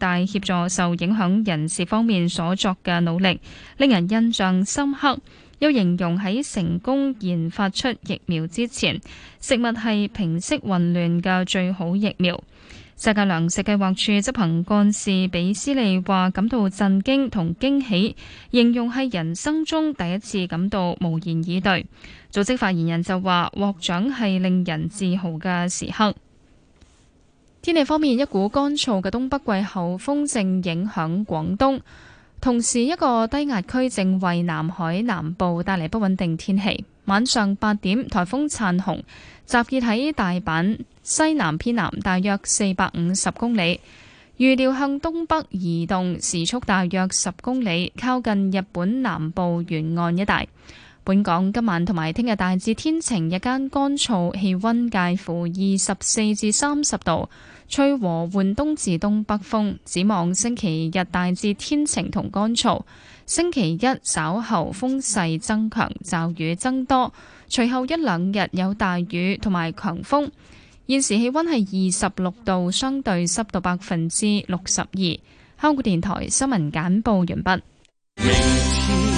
大協助受影響人士方面所作嘅努力，令人印象深刻。又形容喺成功研發出疫苗之前，食物係平息混亂嘅最好疫苗。世界糧食計劃署執行幹事比斯利話感到震驚同驚喜，形容係人生中第一次感到無言以對。組織發言人就話，獲獎係令人自豪嘅時刻。天氣方面，一股乾燥嘅東北季候風正影響廣東，同時一個低壓區正為南海南部帶嚟不穩定天氣。晚上八點，颱風燦紅集結喺大阪西南偏南大約四百五十公里，預料向東北移動，時速大約十公里，靠近日本南部沿岸一帶。本港今晚同埋聽日大致天晴，日間乾燥，氣溫介乎二十四至三十度，吹和緩東至東北風。展望星期日大致天晴同乾燥，星期一稍後風勢增強，驟雨增多，隨後一兩日有大雨同埋強風。現時氣溫係二十六度，相對濕度百分之六十二。香港電台新聞簡報完畢。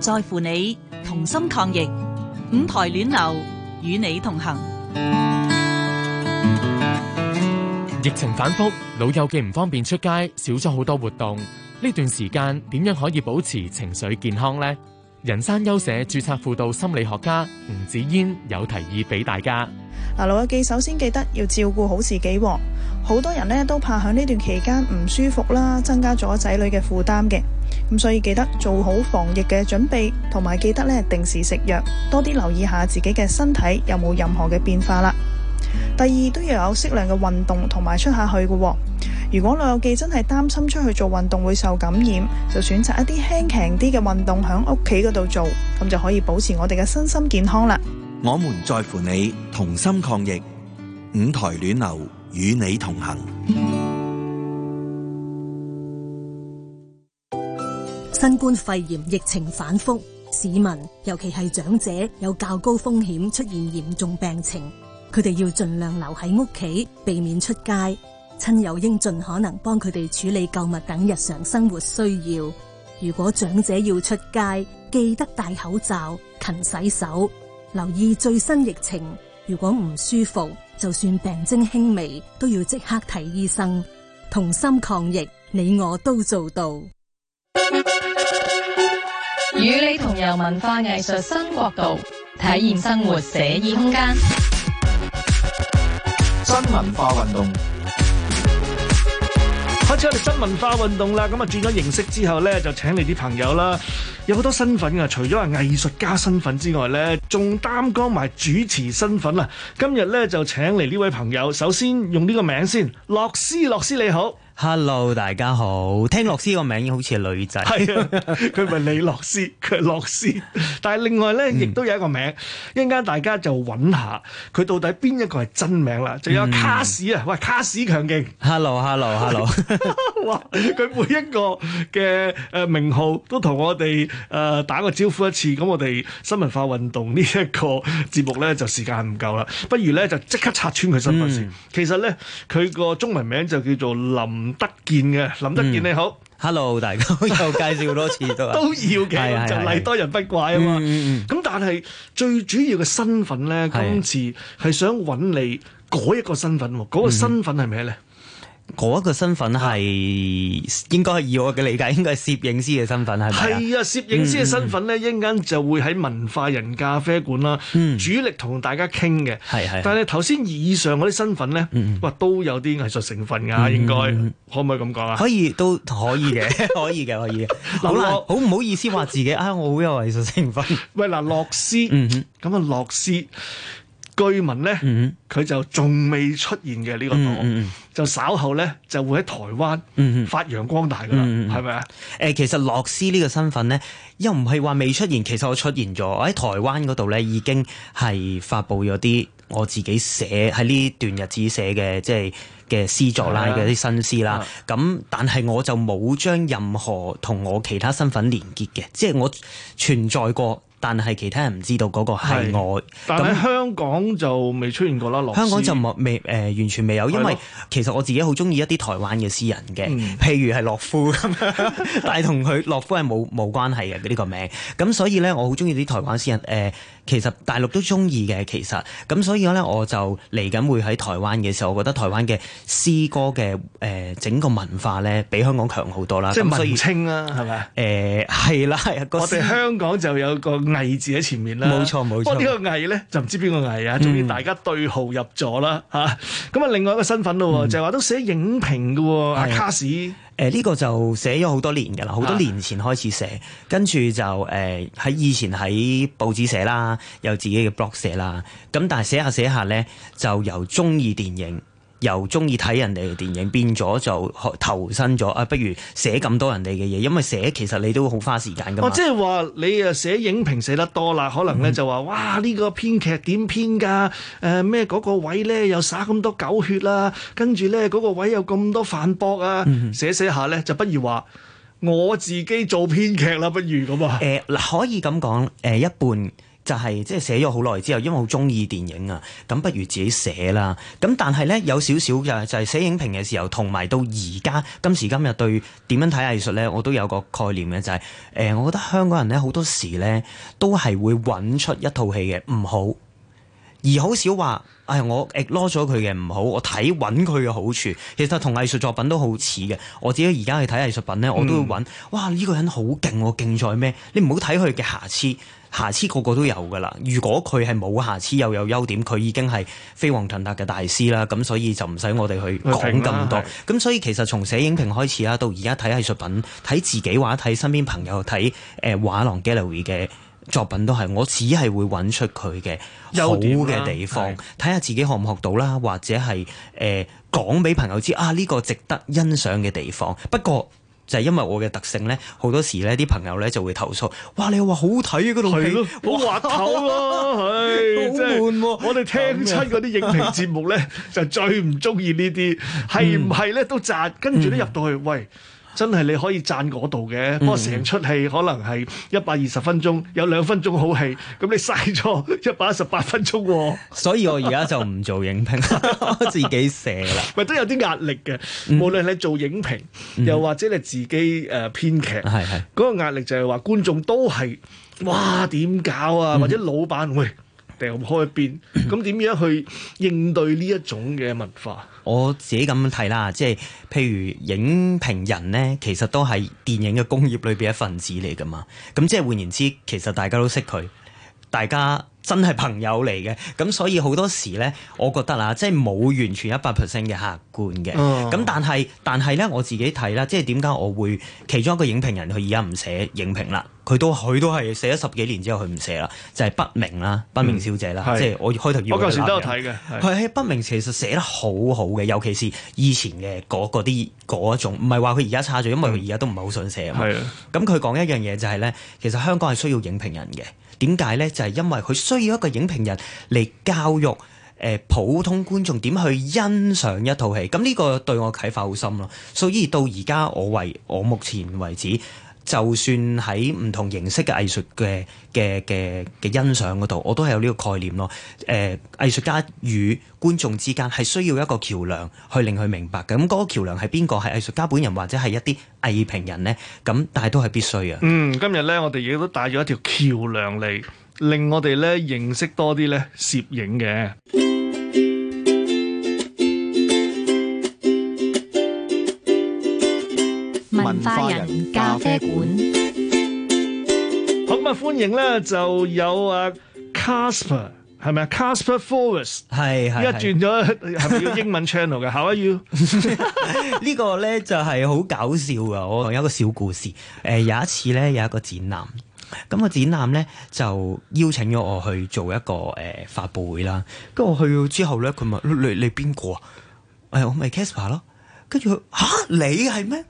在乎你同心抗疫，舞台暖流與你同行。疫情反復，老友記唔方便出街，少咗好多活動。呢段時間點樣可以保持情緒健康呢？人生優舍注冊輔導心理學家吳子嫣有提議俾大家。嗱，老友記首先記得要照顧好自己，好多人咧都怕喺呢段期間唔舒服啦，增加咗仔女嘅負擔嘅。咁所以記得做好防疫嘅準備，同埋記得咧定時食藥，多啲留意下自己嘅身體有冇任何嘅變化啦。第二都要有適量嘅運動，同埋出下去嘅。如果老友記真係擔心出去做運動會受感染，就選擇一啲輕強啲嘅運動響屋企嗰度做，咁就可以保持我哋嘅身心健康啦。我們在乎你，同心抗疫，五台暖流與你同行。 新冠肺炎疫情反覆，市民尤其係長者有較高風險出現嚴重病情，佢哋要盡量留喺屋企，避免出街。親友應盡可能幫佢哋處理購物等日常生活需要。如果長者要出街，記得戴口罩、勤洗手，留意最新疫情。如果唔舒服，就算病徵輕微，都要即刻睇醫生。同心抗疫，你我都做到。與你同遊文化藝術新國度，體驗生活寫意空間。新文化運動開始，我哋新文化運動啦。咁啊，轉咗形式之後咧，就請你啲朋友啦。有好多身份噶，除咗係藝術家身份之外咧，仲擔綱埋主持身份啊。今日咧就請嚟呢位朋友，首先用呢個名先，洛斯，洛斯你好。Hello，大家好。聽樂師個名好似係女仔，係啊，。 佢唔係李樂師，佢係樂師。但係另外咧，亦都有一個名，一陣間大家就揾下佢到底邊一個係真名啦。仲、嗯、有卡士啊，喂，卡士強勁。Hello，Hello，Hello hello, hello。 哇，佢每一個嘅誒名號都同我哋誒打個招呼一次。咁我哋新文化運動節呢一個節目咧，就時間唔夠啦。不如咧就即刻拆穿佢身份先。嗯、其實咧，佢個中文名，名就叫做林。唔得見嘅林德健你好，Hello 大家 又介紹多次都 都要嘅的， 對 就禮多人不怪啊嘛。咁 但係最主要嘅身份咧， 今次係想揾你嗰一個身份喎，嗰 個身份係咩咧？ 嗰一個身份係應該係以我嘅理解，應該係攝影師嘅身份係咪啊？係啊，攝 影師嘅身份咧，一陣間就會喺文化人咖啡館啦， 主力同大家傾嘅。係係。但係頭先以上嗰啲身份咧， 哇都有啲藝術成分噶，應該 可唔可以咁講啊？可以都可以嘅，可以嘅，可以嘅。 好啦了，好唔 好意思話自己啊，我好有藝術成分。 喂，嗱，樂師，咁啊，樂師。據聞咧，佢、嗯、就仲未出現嘅呢、這個黨，嗯、就稍後咧就會喺台灣發揚光大㗎喇，係咪啊？誒吧、呃，其實駱思呢個身份咧，又唔係話未出現，其實我出現咗，喺台灣嗰度咧已經係發布咗啲我自己寫喺呢段日子寫嘅，即係嘅詩作啦，嘅啲新詩啦。咁、嗯嗯、但係我就冇將任何同我其他身份連結嘅，即係我存在過。但係其他人唔知道嗰、那個係我。的那但係香港就未出現過啦。香港就未誒、呃，完全未有，因為其實我自己好中意一啲台灣嘅詩人嘅，嗯、譬如係洛夫咁 但係同佢洛夫係冇冇關係嘅呢、這個名。咁所以咧，我好中意啲台灣詩人誒。呃其實大陸都中意嘅，其實咁所以講咧，我就嚟緊會喺台灣嘅時候，我覺得台灣嘅詩歌嘅誒、呃、整個文化咧，比香港強好多啦，即係文青啦，係咪、嗯？誒係啦，係吧、呃、我哋香港就有個偽字喺前面啦，冇錯冇錯，我呢個偽咧就唔知邊個偽啊，仲要大家對號入座啦嚇，咁、嗯、啊另外一個身份咯，嗯、就係話都寫影評嘅阿卡誒呢、呃、這個就寫咗好多年嘅啦，好多年前開始寫，的跟住就誒喺、呃、以前喺報紙寫啦，有自己嘅 blog 寫啦，咁但係寫下寫下咧，就由鍾意電影。由中意睇人哋嘅電影變咗就投身咗啊！不如寫咁多人哋嘅嘢，因為寫其實你都好花時間噶嘛。哦、即係話你啊寫影評寫得多啦，可能咧、嗯、就話哇呢、呢個編劇點編㗎？誒咩嗰個位咧又灑咁多狗血啦、啊，跟住咧嗰個位有咁多反駁啊！嗯、寫寫下咧就不如話我自己做編劇啦，不如咁啊？誒嗱、呃，可以咁講誒一半。就係即係寫咗好耐之後，因為好中意電影啊，咁不如自己寫啦。咁但係咧有少少嘅就係寫影評嘅時候，同埋到而家今時今日對點樣睇藝術咧，我都有個概念嘅，就係、是、誒、呃，我覺得香港人咧好多時咧都係會揾出一套戲嘅唔好，而好少話。唉、哎，我誒攞咗佢嘅唔好，我睇揾佢嘅好處。其實同藝術作品都好似嘅。我自己而家去睇藝術品呢，我都會揾、嗯、哇呢、呢個人好勁喎，勁在咩？你唔好睇佢嘅瑕疵，瑕疵個個都有㗎啦。如果佢係冇瑕疵又有優點，佢已經係飛黃騰達嘅大師啦。咁所以就唔使我哋去講咁多。咁所以其實從寫影評開始啦，到而家睇藝術品，睇自己畫，睇身邊朋友睇誒、呃、畫廊 gallery 嘅作品都係，我只係會揾出佢嘅好嘅地方，睇下、啊、自己學唔學到啦，或者係誒、呃、講俾朋友知啊呢、這個值得欣賞嘅地方。不過就係、是、因為我嘅特性咧，好多時咧啲朋友咧就會投訴，哇！你又話好睇啊，嗰套好滑頭咯、啊，好、 哎、悶喎、啊！我哋聽親嗰啲影評節目咧， 就最唔中意呢啲，係唔係咧都窒，跟住咧入到去，喂。真係你可以讚嗰度嘅，不過成出戲可能係一百二十分鐘，有兩分鐘好戲，咁你嘥咗一百一十八分鐘喎、哦。 所以我而家就唔做影評， 自己寫啦。咪都有啲壓力嘅，無論你做影評，嗯、又或者你自己誒編劇，嗰、嗯、個壓力就係話觀眾都係，哇，點搞啊？嗯、或者老闆會。掟開一邊，咁點樣去應對呢一種嘅文化？ 我自己咁睇啦，即係譬如影評人咧，其實都係電影嘅工業裏邊一份子嚟㗎嘛。咁即係換言之，其實大家都識佢，大家。真係朋友嚟嘅，咁所以好多時咧，我覺得啊，即係冇完全一百 percent 嘅客觀嘅。咁、嗯、但係但係咧，我自己睇啦，即係點解我會其中一個影評人佢而家唔寫影評啦？佢都佢都係寫咗十幾年之後佢唔寫啦，就係、是、不明啦，嗯、不明小姐啦。嗯、即係我開頭要我舊時都有睇嘅。佢喺不明其實寫得好好嘅，尤其是以前嘅嗰嗰啲嗰種，唔係話佢而家差咗，因為佢而家都唔係好想寫啊。係，咁佢講一樣嘢就係、是、咧，其實香港係需要影評人嘅。點解呢？就係、是、因為佢需要一個影評人嚟教育誒、呃、普通觀眾點去欣賞一套戲。咁呢個對我啟發好深咯。所以到而家我為我目前為止。就算喺唔同形式嘅藝術嘅嘅嘅嘅欣賞嗰度，我都係有呢個概念咯。誒、呃，藝術家與觀眾之間係需要一個橋梁去令佢明白嘅。咁嗰個橋梁係邊個？係藝術家本人或者係一啲藝評人呢？咁但係都係必須嘅。嗯，今日呢，我哋亦都帶咗一條橋梁嚟，令我哋咧認識多啲咧攝影嘅。文化人咖啡館，好嘛？歡迎咧，就有啊 Kasper 係咪啊？Kasper Forest 係而家轉咗係咪叫英文 channel 嘅？吓 ，How are you 呢個咧就係、是、好搞笑噶，我有一個小故事。誒、呃，有一次咧有一個展覽，咁、那個展覽咧就邀請咗我去做一個誒、呃、發布會啦。跟住我去之後咧，佢問你你邊個啊？誒、哎呃，我咪 Kasper 咯。跟住佢吓你係咩？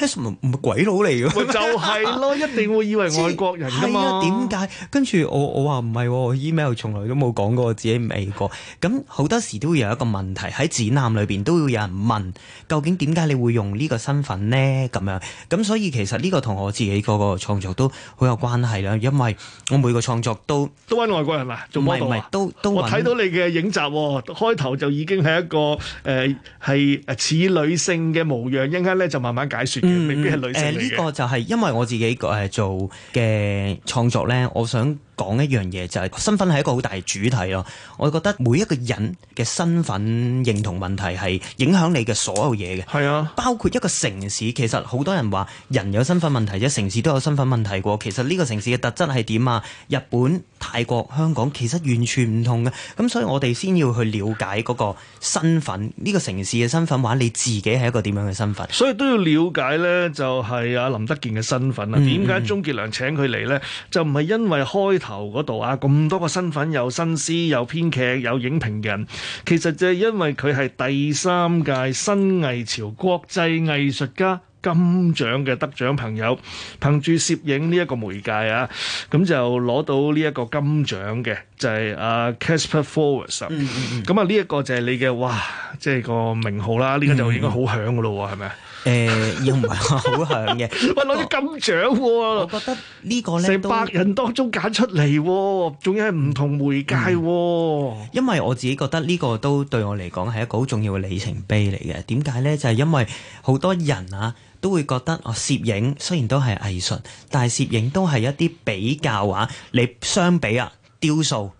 嚇，唔唔係鬼佬嚟嘅， 就係咯，一定會以為外國人㗎嘛？點解？跟住、啊、我我話唔係，email 從來都冇講過自己美國。咁好多時都會有一個問題，喺展覽裏邊都會有人問，究竟點解你會用呢個身份呢？咁樣。咁所以其實呢個同我自己個創作都好有關係啦，因為我每個創作都都係外國人啦，做波動啊，都都，都找我睇到你嘅影集、哦，開頭就已經係一個誒係、呃、似女性嘅模樣，依家咧就慢慢解。嗯，誒、呃、呢、這個就係因為我自己誒做嘅創作咧，我想，講一樣嘢就係、是、身份係一個好大主題咯。我覺得每一個人嘅身份認同問題係影響你嘅所有嘢嘅。係啊，包括一個城市，其實好多人話人有身份問題啫，城市都有身份問題過。其實呢個城市嘅特質係點啊？日本、泰國、香港其實完全唔同嘅。咁所以我哋先要去了解嗰個身份，呢、這個城市嘅身份，或者你自己係一個點樣嘅身份。所以都要了解、嗯、呢，就係阿林德健嘅身份啊。點解鍾傑良請佢嚟呢？就唔係因為開頭嗰度啊，咁多個身份，有新詩，有編劇，有影評人，其實就係因為佢係第三屆新藝潮國際藝術家金獎嘅得獎朋友，憑住攝影呢一個媒介啊，咁就攞到呢一個金獎嘅，就係阿 Kasper Forest。咁啊，呢一個就係你嘅哇，即係個名號啦，呢個就應該好響噶咯，係咪？誒，又唔係好響嘅， 喂，攞啲我金獎、啊。我覺得個呢個咧，百人當中揀出嚟、啊，仲要係唔同媒介、啊嗯。因為我自己覺得呢個都對我嚟講係一個好重要嘅里程碑嚟嘅。點解咧？就係、是、因為好多人啊，都會覺得哦，攝影雖然都係藝術，但係攝影都係一啲比較啊，你相比啊，雕塑。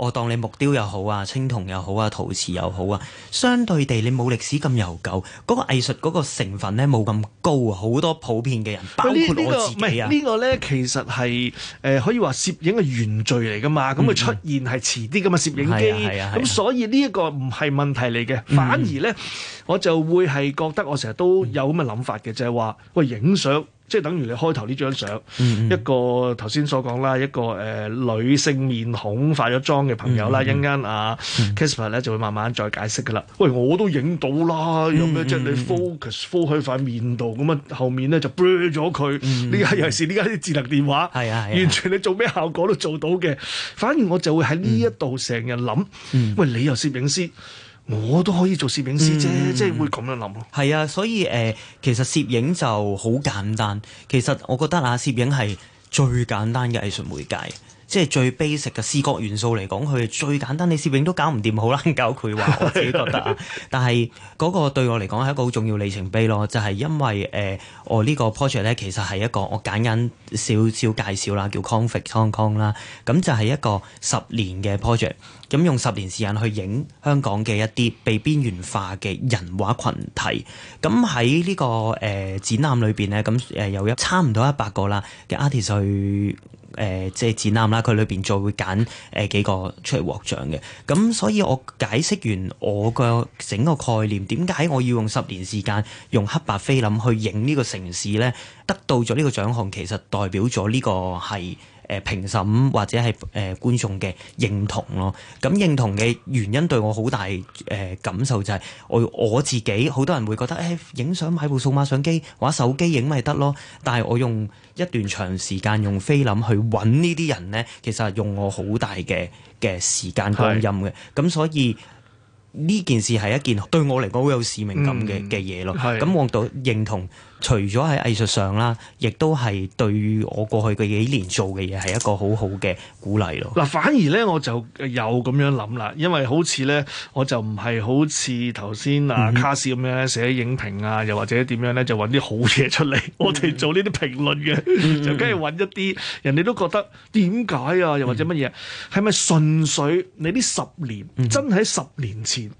我當你木雕又好啊、青銅又好啊、陶瓷又好啊，相對地你冇歷史咁悠久，嗰、嗰個藝術嗰個成分咧冇咁高啊，好多普遍嘅人包括我自己啊。呢個咧其實係誒可以話攝影嘅原罪嚟㗎嘛，咁佢出現係遲啲㗎嘛，攝影機咁，所以呢一個唔係問題嚟嘅，嗯、反而咧我就會係覺得我成日都有咁嘅諗法嘅，就係、係、話喂，影相。即係等於你開頭呢張相，一個頭先所講啦，一個誒女性面孔化咗妝嘅朋友啦，一陣間啊，Kasper 咧就會慢慢再解釋㗎喇。喂，我都影到啦，有咩啫？你 focus focus 喺塊面度，咁啊後面咧就 blur 咗佢。呢家尤其是呢家啲智能電話，係啊，完全你做咩效果都做到嘅。反而我就會喺呢一度成日諗，喂，你又攝影師。我都可以做攝影師啫，即係、嗯、會咁樣諗咯。係啊，所以誒、呃，其實攝影就好簡單。其實我覺得啊，攝影係最簡單嘅藝術媒介，即係最 basic 嘅視覺元素嚟講，佢最簡單。你攝影都搞唔掂，好難搞。佢話我自己覺得啊。 但係嗰、那個對我嚟講係一個好重要里程碑咯，就係、是、因為誒、呃、我呢個 project 咧，其實係一個我簡單少少介紹啦，叫 Config Hong Kong 啦，咁就係一個十年嘅 project。咁用十年時間去影香港嘅一啲被邊緣化嘅人畫群體，咁喺呢個誒展覽裏邊咧，咁誒有一差唔多一百個啦嘅 artist 去誒即係展覽啦，佢裏邊再會揀誒幾個出嚟獲獎嘅。咁所以我解釋完我個整個概念，點解我要用十年時間用黑白菲林去影呢個城市咧？得到咗呢個獎項，其實代表咗呢個係，誒評審或者係誒、呃、觀眾嘅認同咯，咁認同嘅原因對我好大誒、呃、感受就係，我我自己好多人會覺得誒影、哎、相買部數碼相機玩手機影咪得咯，但係我用一段長時間用菲林去揾呢啲人呢，其實係用我好大嘅嘅時間光陰嘅，咁是所以呢件事係一件對我嚟講好有使命感嘅嘅嘢咯，咁我到認同。除咗喺藝術上啦，亦都係對於我過去嘅幾年做嘅嘢係一個好好嘅鼓勵咯。嗱，反而咧我就有咁樣諗啦，因為好似咧，我就唔係好似頭先啊、mm hmm. 卡斯咁樣寫影評啊，又或者點樣咧就揾啲好嘢出嚟，mm hmm. 我哋做呢啲評論嘅，mm hmm. 就梗係揾一啲人哋都覺得點解啊？又或者乜嘢？係咪、mm hmm. 純粹你呢十年、mm hmm. 真喺十年前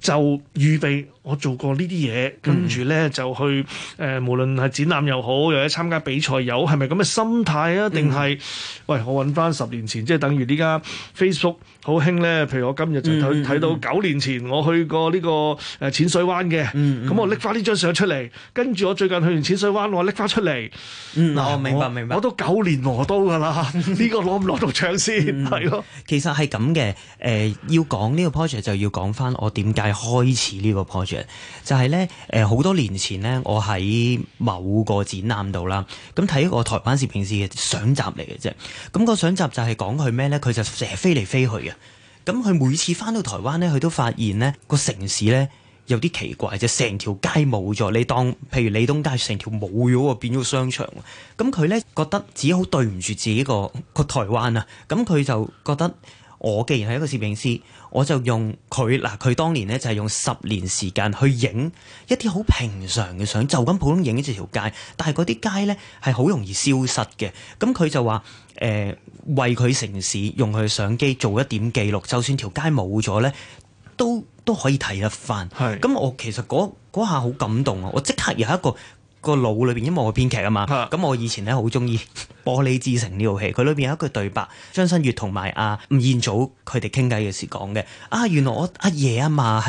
就預備我做過、mm hmm. 呢啲嘢，跟住咧就去誒？呃無論係展覽又好，又或者參加比賽又好，係咪咁嘅心態啊？定係、嗯、喂，我揾翻十年前，即、就、係、是、等於呢家 Facebook 好興咧。譬如我今日就睇睇到九年前我去過呢個誒淺水灣嘅，咁、嗯嗯、我拎翻呢張相出嚟。跟住我最近去完淺水灣，我拎翻出嚟。嗱、嗯，嗯、我明白明白，我都九年磨刀噶啦，呢 個攞唔攞到獎先係咯。嗯、 其實係咁嘅，誒、呃，要講呢個 project 就要講翻我點解開始個、就是、呢個 project，就係咧，誒，好多年前咧，我喺。某個展覽度啦，咁睇個台灣攝影師嘅相集嚟嘅啫，咁個相集就係講佢咩咧？佢就成日飛嚟飛去啊。咁佢每次翻到台灣咧，佢都發現咧個城市咧有啲奇怪，就成條街冇咗。你當譬如李東街成條冇咗啊，變咗商場。咁佢咧覺得自己好對唔住自己個個台灣啊，咁佢就覺得我既然係一個攝影師。我就用佢嗱，佢當年咧就係用十年時間去影一啲好平常嘅相，就咁普通影一條街，但係嗰啲街咧係好容易消失嘅。咁佢就話：誒、呃，為佢城市用佢相機做一點記錄，就算條街冇咗咧，都都可以睇得翻。係。咁我其實嗰下好感動啊！我即刻有一個。個腦裏邊，因為我編劇啊嘛，咁 我以前咧好中意《玻璃之城》呢套戲，佢裏邊有一句對白，張新月同埋阿吳彥祖佢哋傾偈嘅時講嘅，啊，原來我阿爺阿嫲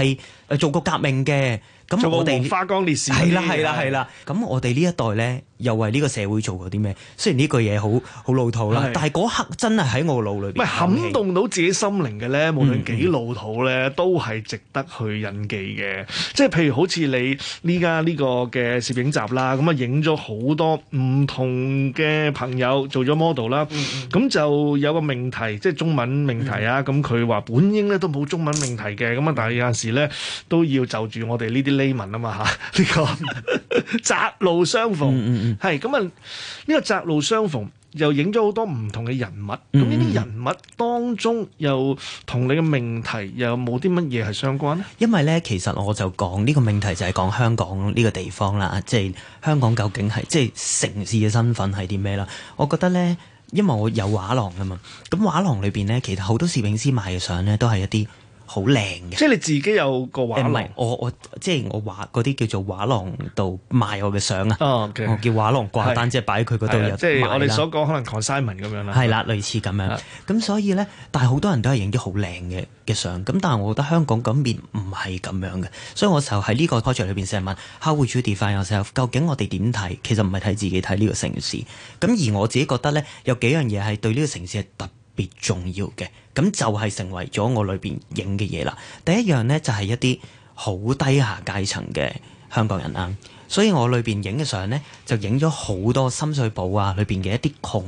係做過革命嘅。咁就冇花崗烈士係啦係啦係啦，咁我哋呢一代咧，又為呢個社會做過啲咩？雖然呢句嘢好好老土啦，的但係嗰刻真係喺我腦裏，唔係撼動到自己心靈嘅咧，無論幾老土咧，嗯、都係值得去印記嘅。嗯、即係譬如好似你呢家呢個嘅攝影集啦，咁啊影咗好多唔同嘅朋友做咗 model 啦，咁、嗯嗯、就有個命題，即係中文命題啊！咁佢話本應咧都冇中文命題嘅，咁啊但係有陣時咧都要就住我哋呢啲。呢文啊嘛嚇，呢個 窄路相逢，係咁啊，呢個窄路相逢又影咗好多唔同嘅人物，咁呢啲人物當中又同你嘅命題又冇啲乜嘢係相關咧？因為咧，其實我就講呢個命題就係講香港呢個地方啦，即係香港究竟係即係城市嘅身份係啲咩啦？我覺得咧，因為我有畫廊啊嘛，咁畫廊裏邊咧，其實好多攝影師賣嘅相咧，都係一啲。好靚嘅，即係你自己有個畫廊、欸。我我即係我畫嗰啲叫做畫廊度賣我嘅相啊。Okay. 我叫畫廊掛是單，即係擺喺佢嗰度有。即係我哋所講可能 consignment 咁樣啦。係啦、嗯，類似咁樣。咁、嗯、所以咧，但係好多人都係影啲好靚嘅嘅相。咁但係我覺得香港嗰邊唔係咁樣嘅。所以我就喺呢個 project 裏邊成日問，How would you define yourself？究竟我哋點睇？其實唔係睇自己睇呢個城市。咁而我自己覺得咧，有幾樣嘢係對呢個城市係特特別重要嘅，咁就係成為咗我裏邊影嘅嘢啦。第一樣咧就係、是、一啲好低下階層嘅香港人啦、啊。所以我裏邊影嘅相咧，就影咗好多深水埗啊，裏邊嘅一啲窮，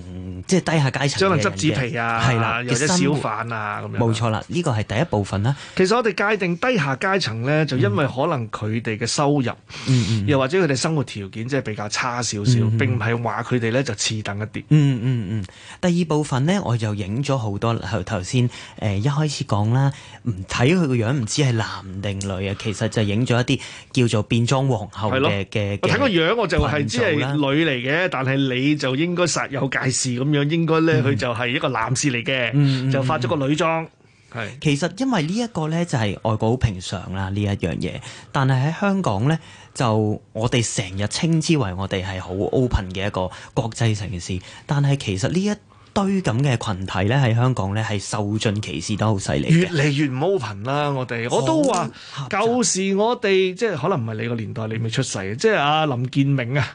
即係低下階層嘅人嘅，執紙皮啊，係啦、啊，的或者小販啊咁樣。冇錯啦，呢、這個係第一部分啦。其實我哋界定低下階層咧，就因為可能佢哋嘅收入，嗯，嗯嗯，又或者佢哋生活條件即係比較差少少，嗯嗯嗯，並唔係話佢哋咧就次等一啲。嗯嗯嗯。第二部分咧，我又影咗好多，頭頭先誒一開始講啦，唔睇佢個樣唔知係男定女啊，其實就影咗一啲叫做變裝皇后嘅。 我睇個樣我就係只係女嚟嘅，但係你就應該煞有介事咁樣，應該咧佢就係一個男士嚟嘅，嗯、就發咗個女裝。係、嗯，是其實因為呢一個咧就係外國好平常啦，呢一樣嘢。但係喺香港咧，就我哋成日稱之為我哋係好 open 嘅一個國際城市，但係其實呢、這、一、個衰咁嘅群體咧，喺香港咧，係受盡歧視都好犀利，越嚟越唔 open 啦！我哋我都話、哦、舊時我哋即係可能唔係你個年代，你未出世即係阿林建明啊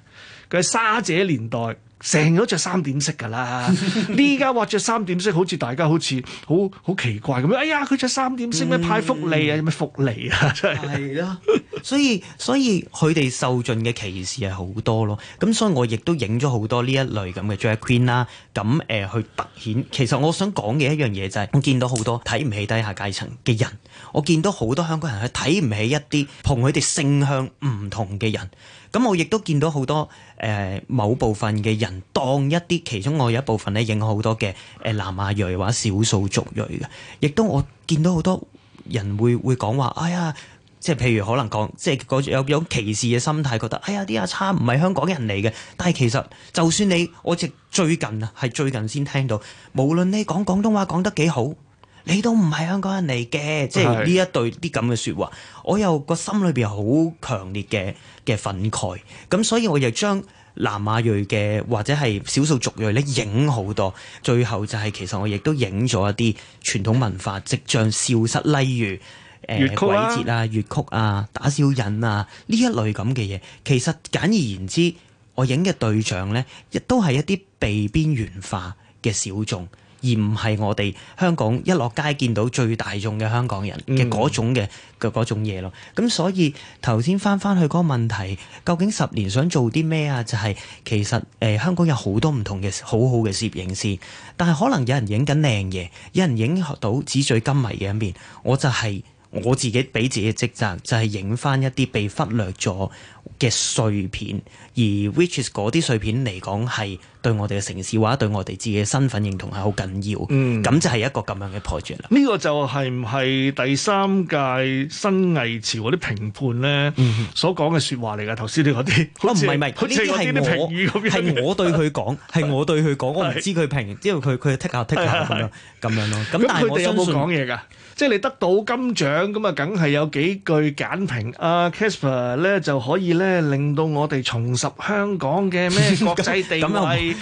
佢係沙姐年代。成日都着三點式噶啦，呢家話着三點式好似大家好似好好奇怪咁樣。哎呀，佢着三點式咩派福利啊，有咩、嗯、福利啊？係啦的。 所以所以佢哋受盡嘅歧視係好多咯。咁所以我亦都影咗好多呢一類咁嘅 drag queen 啦。咁、呃、誒去突顯，其實我想講嘅一樣嘢就係、是、我見到好多睇唔起低下階層嘅人，我見到好多香港人係睇唔起一啲同佢哋性向唔同嘅人。咁我亦都見到好多誒、呃、某部分嘅人當一啲，其中我有一部分咧影好多嘅、誒、呃、南亞裔或者少數族裔嘅，亦都我見到好多人會會講話，哎呀，即係譬如可能講即係有有歧視嘅心態，覺得哎呀啲阿差唔係香港人嚟嘅，但係其實就算你我直最近啊，係最近先聽到，無論你講廣東話講得幾好。你都唔係香港人嚟嘅，是即係呢一對啲咁嘅説話，我有個心裏邊好強烈嘅嘅憤慨，咁所以我又將南亞裔嘅或者係少數族裔咧影好多，最後就係其實我亦都影咗一啲傳統文化即將消失，例如誒鬼節啊、粵曲啊、打小人啊呢一類咁嘅嘢。其實簡而言之，我影嘅對象咧亦都係一啲被邊緣化嘅小眾。而唔係我哋香港一落街見到最大眾嘅香港人嘅嗰種嘅嘅嗰種嘢咯，咁、嗯、所以頭先返返去嗰個問題，究竟十年想做啲咩啊？就係、是、其實誒、呃、香港有多好多唔同嘅好好嘅攝影師，但係可能有人影緊靚嘢，有人影到紙醉金迷嘅一面，我就係、是。我自己俾自己嘅職責就係影翻一啲被忽略咗嘅碎片，而 which is 嗰啲碎片嚟講係對我哋嘅城市化、對我哋自己嘅身份認同係好緊要，咁就係一個咁樣嘅 project 啦。呢個就係唔係第三屆新藝潮嗰啲評判咧所講嘅說話嚟噶。頭先你嗰啲，唔係唔係，佢呢啲係我係我對佢講，係我對佢講，我唔知佢評，之後佢佢剔下剔下咁樣咁樣咯。咁但係我哋有冇講嘢噶？即係你得到金獎咁啊，梗係有幾句簡評啊，Kasper 咧就可以咧令到我哋重拾香港嘅咩國際地位，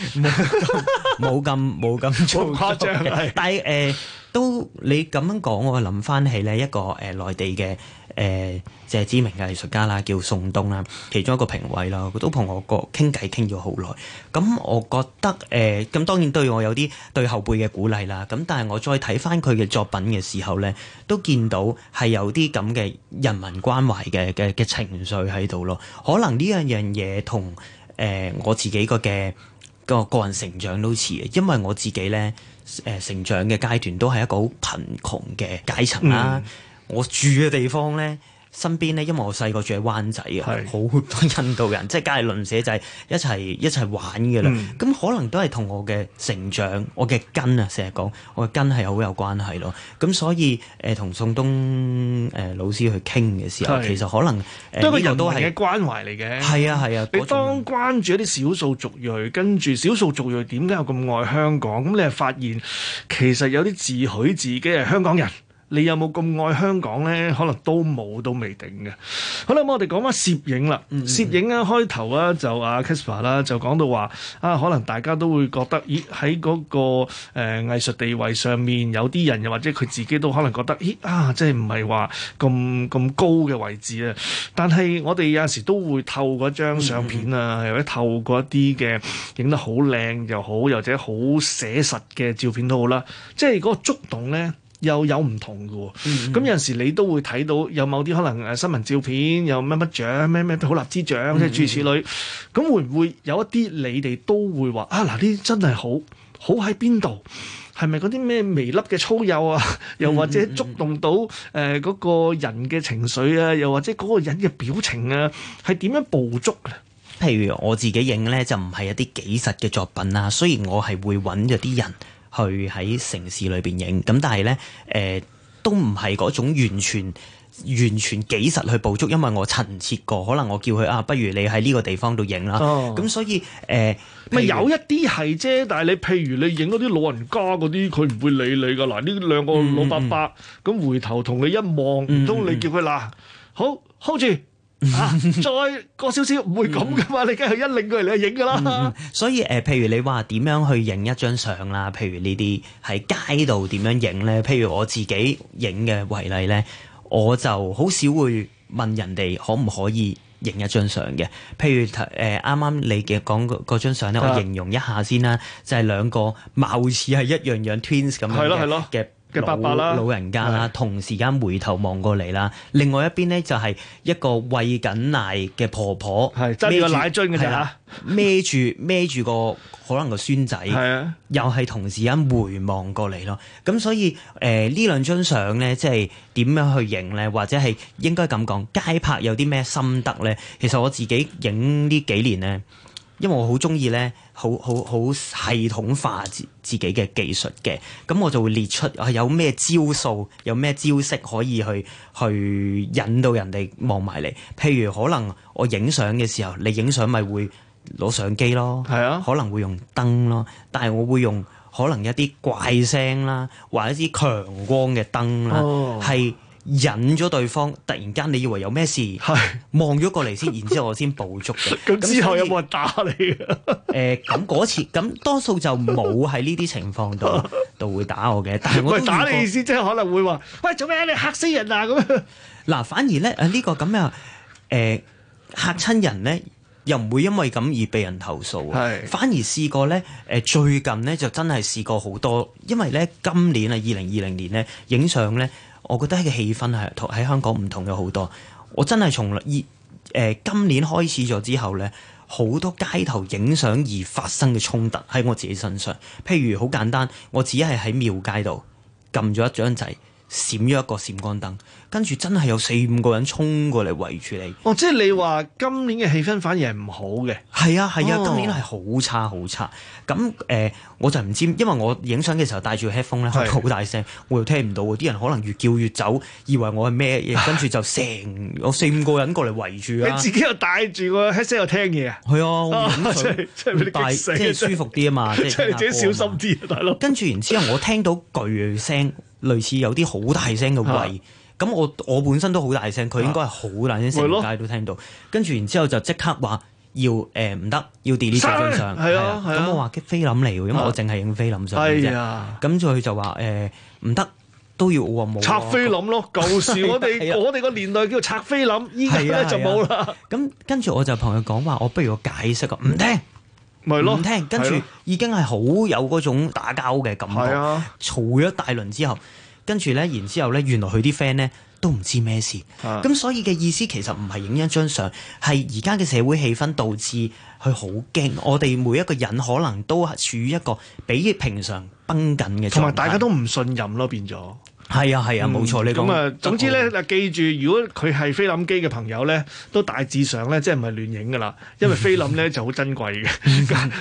冇咁冇咁誇張，但係誒。都你咁樣講，我諗翻起咧一個誒內、呃、地嘅誒即係知名嘅藝術家啦，叫宋冬啦，其中一個評委咯，佢都同我個傾偈傾咗好耐。咁、嗯、我覺得誒，咁、呃、當然對我有啲對後輩嘅鼓勵啦。咁但係我再睇翻佢嘅作品嘅時候咧，都見到係有啲咁嘅人文關懷嘅嘅嘅情緒喺度咯。可能呢樣樣嘢同誒我自己個嘅個個人成長都似嘅，因為我自己咧。誒成長嘅階段都係一個好貧窮嘅階層啦。嗯、我住嘅地方咧，身邊呢，因為我細個住喺灣仔嘅，好是多印度人，即係隔籬鄰舍仔一齊一齊玩嘅啦。咁、嗯、可能都係同我嘅成長，我嘅根啊，成日講我嘅根係好有關係咯。咁所以誒，同、呃、宋東誒、呃、老師去傾嘅時候，是其實可能、呃、都係一個人嘅關懷嚟嘅。係啊係啊，啊啊你當關注一啲少數族裔，跟住少數族裔點解有咁愛香港？咁你係發現其實有啲自許自己係香港人。你有冇咁愛香港咧？可能都冇，都未定嘅。好啦，咁我哋講返攝影啦。嗯嗯攝影咧、啊、開頭啊，啊，就阿 Kasper 啦，就講到話啊，可能大家都會覺得，咦？喺嗰、那個誒、呃、藝術地位上面，有啲人又或者佢自己都可能覺得，咦啊，即係唔係話咁咁高嘅位置啊？但係我哋有陣時都會透過張相片啊，嗯嗯或者透過一啲嘅影得好靚又好，又或者好寫實嘅照片都好啦。即係嗰個觸動咧。又有唔同嘅喎，咁、嗯、有陣時你都會睇到有某啲可能誒新聞照片，有乜乜獎，咩咩普立茲獎即係諸如此類，咁會唔會有一啲你哋都會話啊嗱，呢啲真係好好喺邊度？係咪嗰啲咩微粒嘅粗幼啊？又或者觸動到誒嗰、嗯呃嗰個人嘅情緒啊？又或者嗰個人嘅表情啊？係點樣捕捉咧？譬如我自己影咧，就唔係一啲紀實嘅作品啊，雖然我係會揾咗啲人。去喺城市裏邊影，咁但係咧，誒、呃、都唔係嗰種完全完全紀實去捕捉，因為我層切過，可能我叫佢啊，不如你喺呢個地方度影啦。咁、哦嗯、所以誒，咪、呃、有一啲係啫，但係你譬如你影嗰啲老人家嗰啲，佢唔會理你㗎。嗱，呢兩個老伯伯，咁、嗯、回頭同你一望，唔通你叫佢嗱，嗯、好 hold 住。 啊、再過少少唔會咁噶嘛，嗯、你梗係一拎佢嚟去影噶啦。所以誒、呃，譬如你話點樣去影一張相啦？譬如呢啲喺街度點樣影咧？譬如我自己影嘅為例咧，我就好少會問人哋可唔可以影一張相嘅。譬如誒，啱、呃、啱你嘅講嗰張相咧，的我形容一下先啦。就係、是、兩個貌似係一樣樣 twins 咁樣。係咯，係咯。嘅伯伯啦，老人家啦，同時間回頭望過嚟啦。的另外一邊咧，就係、是、一個餵緊奶嘅婆婆，係揸住個奶樽嘅啫嚇，孭住孭住個可能個孫仔，係啊的，又係同時間回望過嚟咯。咁所以誒呢、呃、兩張相咧，即係點樣去影咧，或者係應該咁講街拍有啲咩心得咧？其實我自己影呢幾年咧，因為我好中意咧。好好好系統化自自己嘅技術嘅，咁我就會列出係有咩招數、有咩招式可以去去引到人哋望埋嚟。譬如可能我影相嘅時候，你影相咪會攞相機咯，係啊，可能會用燈咯。但係我會用可能一啲怪聲啦，或者一啲強光嘅燈啦，係、哦。引咗對方，突然間你以為有咩事，係望咗過嚟先，然之後我先捕捉。咁 之後有冇人打你？誒、 呃，咁嗰次，咁多數就冇喺呢啲情況度都會打我嘅。但係我，喂打你意思即係可能會話，喂做咩你吓死人啊咁？嗱， 反而咧，誒呢個咁樣誒吓親人咧，又唔會因為咁而被人投訴。係是反而試過咧，誒最近咧就真係試過好多，因為咧今年啊二零二零年咧影相咧。我覺得喺個氣氛係同喺香港唔同咗好多。我真係從依誒今年開始咗之後咧，好多街頭影相而發生嘅衝突喺我自己身上。譬如好簡單，我只係喺廟街度撳咗一張掣。閃咗一個閃光燈，跟住真係有四五個人衝過嚟圍住你。哦，即係你話今年嘅氣氛反而係唔好嘅。係啊係啊，啊今年係好差好差。咁誒、呃，我就唔知，因為我影相嘅時候戴住 headphone 咧，開好大聲，的我又聽唔到。啲人可能越叫越走，以為我係咩嘢，跟住 就成有四五個人過嚟圍住啦、啊。 你自己又戴住個 headset 又聽嘢啊？係啊，即係即係舒服啲啊嘛，即係是是自己小心啲啊，大佬。跟住然之後，我聽到巨聲。 類似有啲好大聲嘅胃，咁我我本身都好大聲，佢應該係好大聲，成街都聽到。跟住然之後就即刻話要誒唔得，要 delete 張相，係啊，咁我話嘅菲林嚟喎，因為我淨係影菲林相啫。咁佢就話誒唔得，都要我冇拆菲林咯。舊時我哋我哋個年代叫做拆菲林，依家咧就冇啦。咁跟住我就同佢講話，我不如我解釋，唔聽。係咯，唔聽，跟住已經係好有嗰種打交嘅感覺，嘈咗是、啊、一大輪之後，跟住咧，然之後咧，原來佢啲 friend 咧都唔知咩事。咁是、啊、所以嘅意思其實唔係影一張相，係而家嘅社會氣氛導致佢好驚。我哋每一個人可能都係處於一個比平常繃緊嘅狀態，同埋大家都唔信任咯，變咗。係啊，係啊，冇錯，呢咁啊。總之咧，嗱記住，如果佢係菲林機嘅朋友咧，都大致上咧，即係唔係亂影噶啦，因為菲林咧就好珍貴嘅。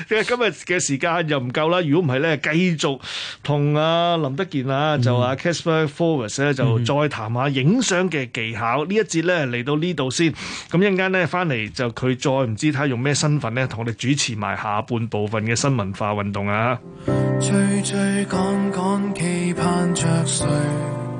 今日嘅時間又唔夠啦，如果唔係咧，繼續同阿林德健啊，就阿 Kasper Forest 咧，就再談下影相嘅技巧。呢一節咧嚟到呢度先，咁一陣間咧翻嚟就佢再唔知睇用咩身份咧，同我哋主持埋下半部分嘅新文化運動啊！最最趕趕，期盼着誰？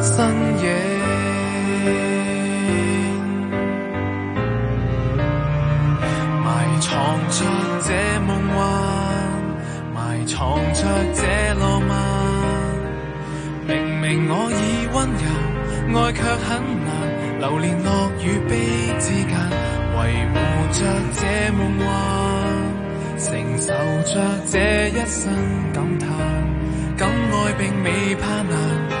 身影，埋藏着這夢幻，埋藏着這浪漫。明明我已温柔，愛卻很難。流連樂與悲之間，維護着這夢幻，承受着這一生感嘆。敢愛並未怕難。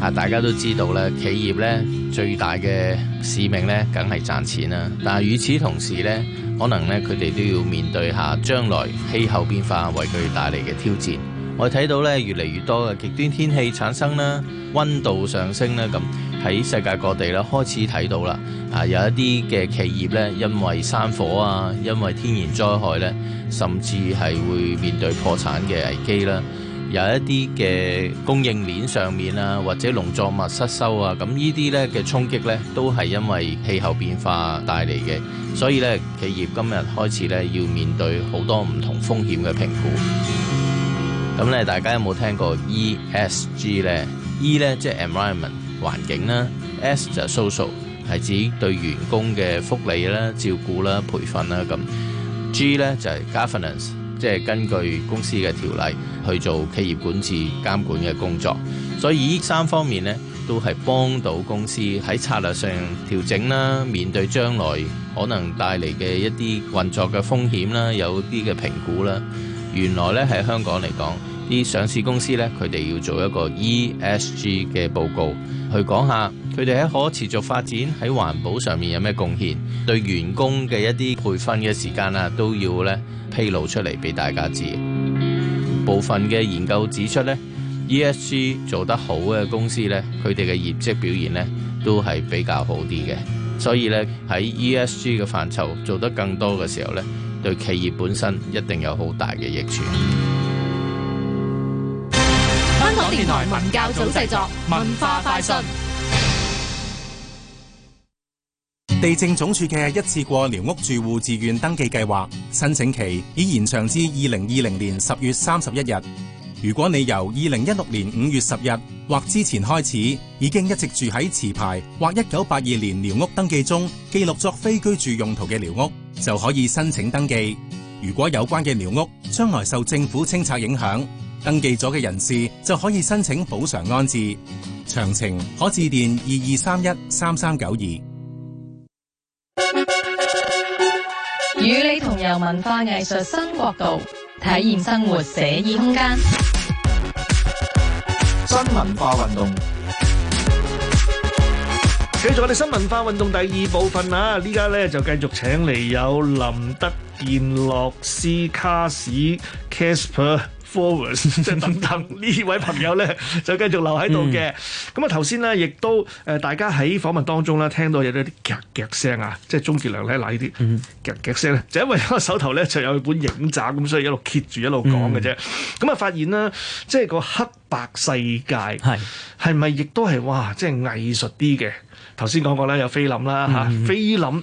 啊！大家都知道咧，企業咧最大嘅使命咧，梗係賺錢啦。但係與此同時咧，可能咧佢哋都要面對下將來氣候變化為佢哋帶嚟嘅挑戰。我哋睇到咧越嚟越多嘅極端天氣產生啦，溫度上升啦，咁喺世界各地啦開始睇到啦。啊，有一啲嘅企業咧，因為山火啊，因為天然災害咧，甚至係會面對破產嘅危機啦。有一啲嘅供應鏈上面啊，或者農作物失收啊，咁呢啲呢嘅衝擊呢，都係因為氣候變化帶嚟嘅。所以呢，企業今日開始呢要面對好多唔同風險嘅評估。咁呢，大家有冇聽過 ESG 呢？E 呢即係 environment 環境啦，S 就 social 係指對員工嘅福利啦、照顧啦、培訓啦咁，G 呢就係 governance。即係根據公司嘅條例去做企業管治監管嘅工作，所以呢三方面呢都係幫到公司喺策略上調整啦，面對將來可能帶嚟嘅一啲運作嘅風險啦，有啲嘅評估啦，原來呢喺香港嚟講。啲上市公司呢，佢哋要做一個 ESG 嘅報告，去講下佢哋喺可持續發展喺環保上面有咩貢獻，對員工嘅一啲培訓嘅時間啊，都要咧披露出嚟俾大家知。部分嘅研究指出呢 ESG 做得好嘅公司呢，佢哋嘅業績表現呢都係比較好啲嘅。所以呢，喺 ESG 嘅範疇做得更多嘅時候呢，對企業本身一定有好大嘅益處。年來，文教組製作文化快訊。地政總署嘅一次過寮屋住戶自願登記計劃申請期已延長至二零二零年十月三十一日。如果你由二零一六年五月十日或之前開始，已經一直住喺持牌或一九八二年寮屋登記中記錄作非居住用途嘅寮屋，就可以申請登記。如果有關嘅寮屋將來受政府清拆影響，登記咗嘅人士就可以申請補償安置，詳情可致電二二三一三三九二。與你同遊文化藝術新國度，體驗生活寫意空間。新文化運動，繼續我哋新文化運動第二部分啊！呢家咧就繼續請嚟有林德建洛斯卡斯 Kasper。即係等等呢位朋友咧，就繼續留喺度嘅。咁啊頭先咧，亦都誒大家喺訪問當中咧，聽到有啲啲夾夾聲啊，即係鍾傑良咧，嗱呢啲夾夾聲咧，就因為我手頭咧就有本影集咁，所以一路揭住一路講嘅啫。咁啊發現啦，即係個黑白世界係係咪亦都係哇，即係藝術啲嘅。頭先講過啦，有菲林啦嚇，啊，菲林。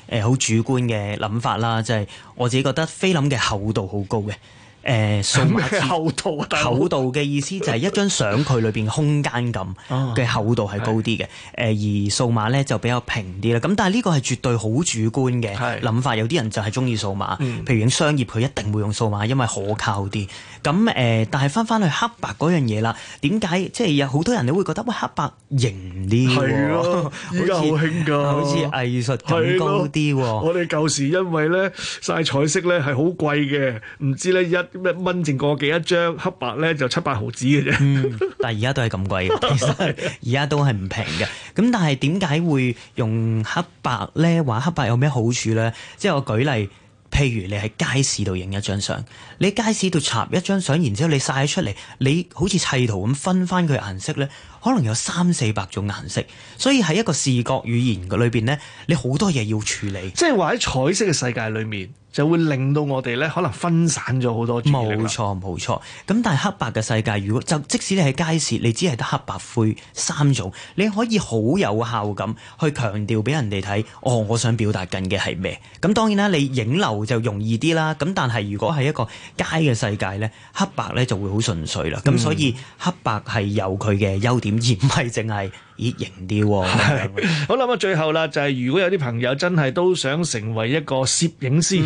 誒好、呃、主觀嘅諗法啦，即、就、係、是、我自己覺得菲林嘅厚度好高嘅，誒、呃、數碼嘅厚度厚度嘅意思就係一張相佢裏邊空間感嘅厚度係高啲嘅，誒、啊、而數碼咧就比較平啲啦。咁但係呢個係絕對好主觀嘅諗法，是有啲人就係中意數碼，嗯、譬如影商業佢一定會用數碼，因為可靠啲。咁誒、嗯，但係返返去黑白嗰樣嘢啦，點解即係有好多人你會覺得，喂，黑白型啲喎？係咯、啊， 好興㗎，好似藝術高啲喎、啊。我哋舊時因為咧晒彩色咧係好貴嘅，唔知咧一蚊淨過幾一張，黑白咧就七八毫子嘅啫、 嗯。但係而家都係咁貴嘅，其實而家都係唔平嘅。咁但係點解會用黑白咧？話黑白有咩好處咧？即係我舉例。譬如你喺街市度影一張相，你喺街市度插一張相，然之後你晒咗出嚟，你好似砌圖咁分翻佢顏色咧，可能有三四百種顏色，所以喺一個視覺語言嘅裏邊咧，你好多嘢要處理，即係話喺彩色嘅世界裏面。就會令到我哋咧，可能分散咗好多注意力。冇錯冇錯，咁但係黑白嘅世界，如果就即使你係街市，你只係得黑白灰三種，你可以好有效咁去強調俾人哋睇。哦，我想表達緊嘅係咩？咁當然啦，你影樓就容易啲啦。咁但係如果係一個街嘅世界咧，黑白咧就會好純粹啦。咁、嗯、所以黑白係有佢嘅優點，而唔係淨係。熱型啲好啦，咁、欸、是最後啦，就係、是、如果有啲朋友真係都想成為一個攝影師，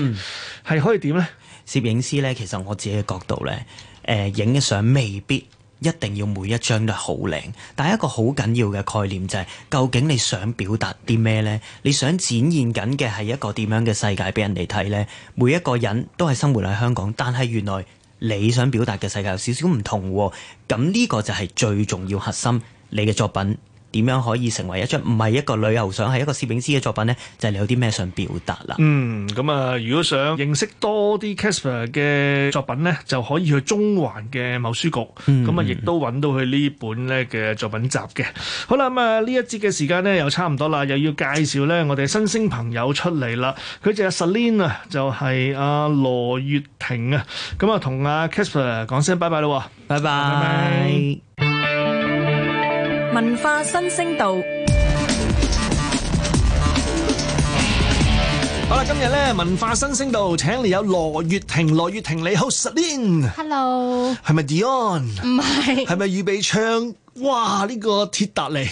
係、嗯、可以點呢？攝影師呢，其實我自己嘅角度呢，誒、呃，影嘅相未必一定要每一張都好靚，但係一個好緊要嘅概念就係、是，究竟你想表達啲咩呢？你想展現緊嘅係一個點樣嘅世界俾人哋睇呢？每一個人都係生活喺香港，但係原來你想表達嘅世界有少少唔同、啊，咁呢個就係最重要核心你嘅作品。點樣可以成為一張唔係一個旅遊相，係一個攝影師嘅作品呢？就係、你、有啲咩想表達啦。嗯，咁啊，如果想認識多啲 Kasper 嘅作品呢，就可以去中環嘅某書局，咁啊、嗯，亦都揾到佢呢本咧嘅作品集嘅。好啦，咁啊，呢一節嘅時間呢，又差唔多啦，又要介紹呢我哋新星朋友出嚟啦。佢就係 Salin 啊，就係阿羅玥婷啊，咁啊，同阿 Kasper 講聲拜拜啦，拜拜 bye。Bye bye 文化新星道。好啦，今日咧文化新星道請嚟有羅玥婷，羅玥婷你好，Celine。Hello，係咪 Dion？唔係，係咪預備唱？哇！呢、呢個鐵達尼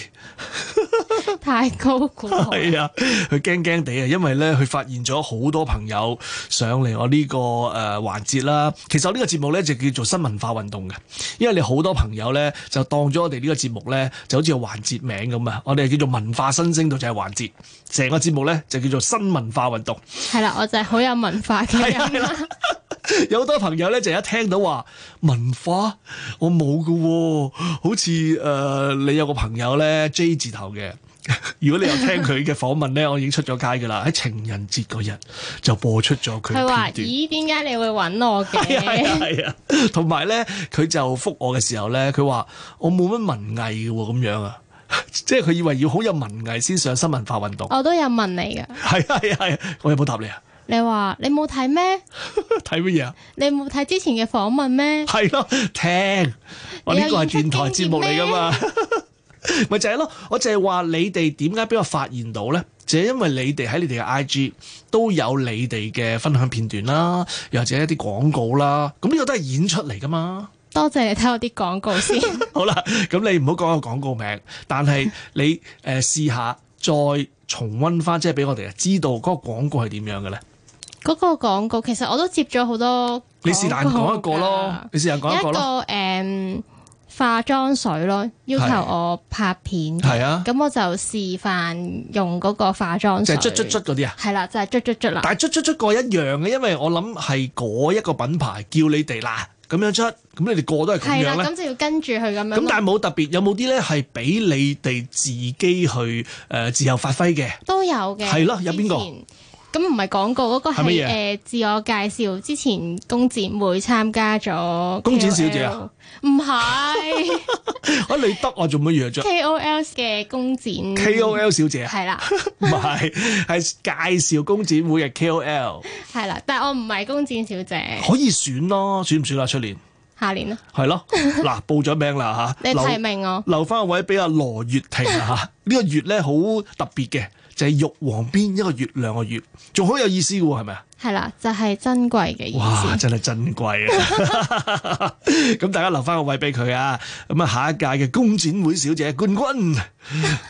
太高估。係啊，佢驚驚地啊，因為咧佢發現咗好多朋友上嚟我呢、呢個誒、呃、環節啦。其實我呢個節目咧就叫做新文化運動嘅，因為你好多朋友咧就當咗我哋呢個節目咧就好似個環節名咁啊。我哋叫做文化新星道就係環節，成個節目咧就叫做新文化運動。係啦，我就係好有文化嘅人啦。 有好多朋友咧，就一聽到話文化，我冇㗎。哦，好似誒、呃，你有個朋友咧 J 字頭嘅，如果你又聽佢嘅訪問咧， 我已經出咗街噶啦，喺情人節嗰日就播出咗佢。佢話，咦，點解你會搵我嘅？係啊 同埋咧，佢就覆我嘅時候咧，佢話我冇乜文藝嘅咁樣啊， 即係佢以為要好有文藝先上新文化運動。我都有問你嘅，係啊係啊係啊，我有冇答你啊？你話你冇睇咩？睇乜嘢啊？你冇睇 麼之前嘅訪問咩？係咯， 聽我呢個係電台節目嚟噶嘛？咪 就係咯，我淨係話你哋點解俾我發現到咧？就係、是、因為你哋喺你哋嘅 I G 都有你哋嘅分享片段啦，又或者一啲廣告啦。咁呢個都係演出嚟噶嘛？多謝你睇我啲廣告先。好啦， 咁你唔好講個廣告名，但係你誒、呃、試下再重溫翻，即係俾我哋知道嗰個廣告係點樣嘅咧。嗰個廣告其實我都接咗好多，你試下講一個咯，你試下講一個咯。一個化妝水咯，要求我拍片，係啊，咁我就示範用嗰個化妝水，就捽捽捽嗰啲啊，係啦，就係捽捽捽啦。但係捽捽捽過一樣嘅，因為我諗係嗰一個品牌叫你哋嗱咁樣捽，咁你哋個都係咁樣咧，咁就要跟住佢咁樣。咁但係冇特別，有冇啲咧係俾你哋自己去誒自由發揮嘅？都有嘅，係咯，有邊個？咁唔係廣告嗰個係自我介紹，之前工展會參加咗工展小姐啊，唔係，啊你得我做乜嘢啊？K O L 嘅工展 K O L 小姐，係啦，唔係係介紹工展會嘅 K O L 係啦，但係我唔係工展小姐，可以選咯，選唔選 了了啊？出年下年咯，係咯，嗱報咗名啦嚇，你提名我留翻個位俾阿羅玥婷嚇，呢、啊 呢個月咧好特別嘅。就係玉皇邊一個月亮嘅月，仲好有意思嘅喎，係咪啊？係啦，就係、是、珍貴嘅意思。哇，真係珍貴啊！咁 大家留翻個位俾佢啊！咁啊，下一屆嘅工展會小姐冠軍，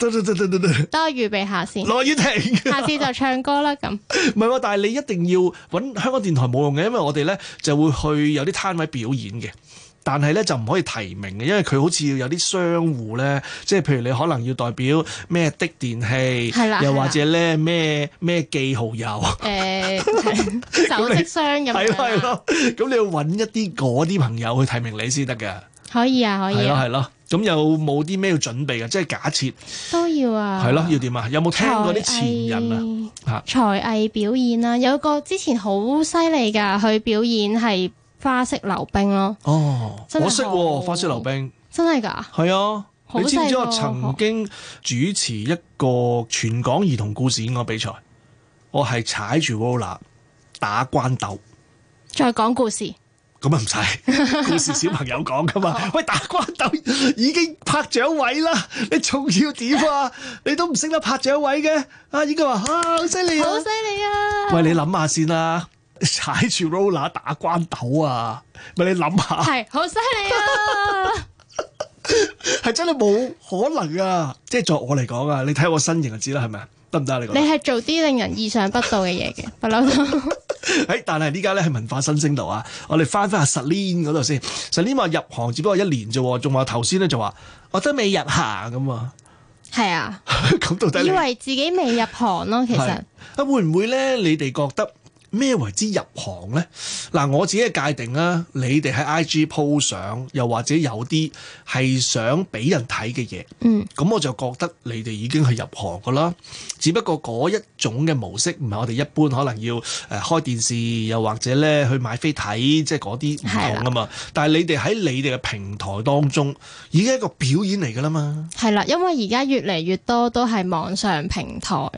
多多多，多， 多預備下先。羅玥婷，下次就唱歌啦咁。唔係喎，但係你一定要揾香港電台冇用嘅，因為我哋咧就會去有啲攤位表演嘅。但係咧就唔可以提名嘅，因為佢好似要有啲商戶咧，即係譬如你可能要代表咩的電器，的又或者咧咩咩記號油，誒首飾商咁樣。咯咁 你，你要揾一啲嗰啲朋友去提名你先得㗎。可以啊，可以。係咯係咯，咁有冇啲咩要準備嘅？即係假設都要啊。係咯，要點啊？有冇聽過啲前人啊？才藝表演啦、啊，有個之前好犀利㗎，佢表演係，花式溜冰咯，哦，我識花式溜冰，真係噶，係啊，你知唔知我曾經主持一個全港兒童故事演講比賽，我係踩住 roller 打關斗，再講故事，咁啊唔使，故事小朋友講噶嘛，喂，打關斗已經拍掌位啦，你仲要點啊？你都唔識得拍掌位嘅，啊，應該話啊好犀利，好犀利啊，喂，你諗下先啦。踩住 roller 打關斗啊！咪你諗下，係好犀利啊！係 真係冇可能啊，即係作我嚟講啊！你睇我身形就知啦，係咪啊？得唔得你講？你係做啲令人意想不到嘅嘢嘅不嬲都。誒 但係呢家咧係文化新星度啊！我哋翻翻阿 Selene 嗰度先 Selene 話入行只不過一年啫，仲話頭先咧就話我得未入行咁啊！係啊，咁到底以為自己未入行咯、啊？其實啊，會唔會咧？你哋覺得？咩為之入行呢？嗱，我自己嘅界定啦，你哋喺 IG 鋪上，又或者有啲係想俾人睇嘅嘢，咁、嗯、我就覺得你哋已經係入行噶啦。只不過嗰一種嘅模式唔係我哋一般可能要誒開電視，又或者咧去買飛睇，即係嗰啲唔同吖嘛。的但係你哋喺你哋嘅平台當中，已經係一個表演嚟噶啦嘛。係啦，因為而家越嚟越多都係網上平台。